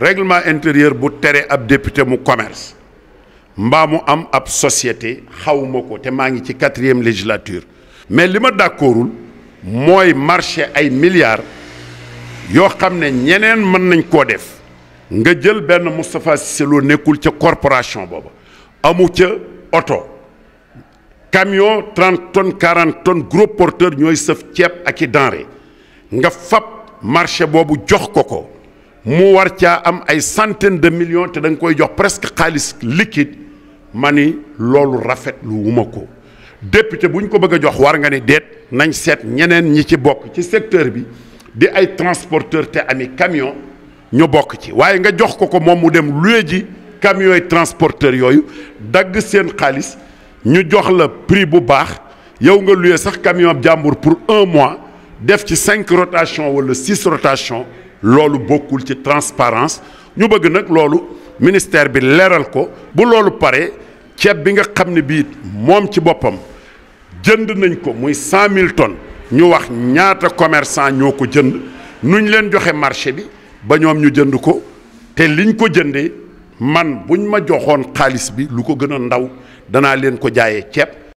règlement intérieur bu téré ab député mu commerce mba mu am ab société xawmako té te ngi ci quatrième législature mais lima ma d'accordul mooy marché ay milliards yo xamné ne ñeneen mën nañ ko def nga jël ben Moustapha Cissé Lo nekkul corporation bobu amu ci auto camion 30 tonnes 40 tonnes gros porteur ñoy seuf ceeb ak i nga fab marché bobu jox ko mu war caa am ay centaine de millions te da koy jox presque xaalis liquide mani lolo rafet l'oumako. député bu ñu ko bëgg jox war nga ne déet nañ seet ñeneen ñi ci ci secteur bi di ay transporteur te ami camion ñu bok ci waye nga jox ko ko mom mu dem luye ji camions transporteur yoyu. dagg seen xaalis ñu jox la prix bu bax yow nga luye sax camion jambour pour un mois def ci 5 rotations wala six rotations. loolu bokkul ci transparence ñu bëgg nag loolu ministère bi leeral ko bu loolu pare ceeb bi nga xam ne bii moom ci boppam jënd nañ ko muy cent mille tonnes ñu wax ñaata commerçant ñoo ko jënd nuñ leen joxe marché bi ba ñoom ñu jënd ko te liñ ko jëndee man buñ ma joxoon xaalis bi lu ko gën ndaw danaa leen ko jaayee ceeb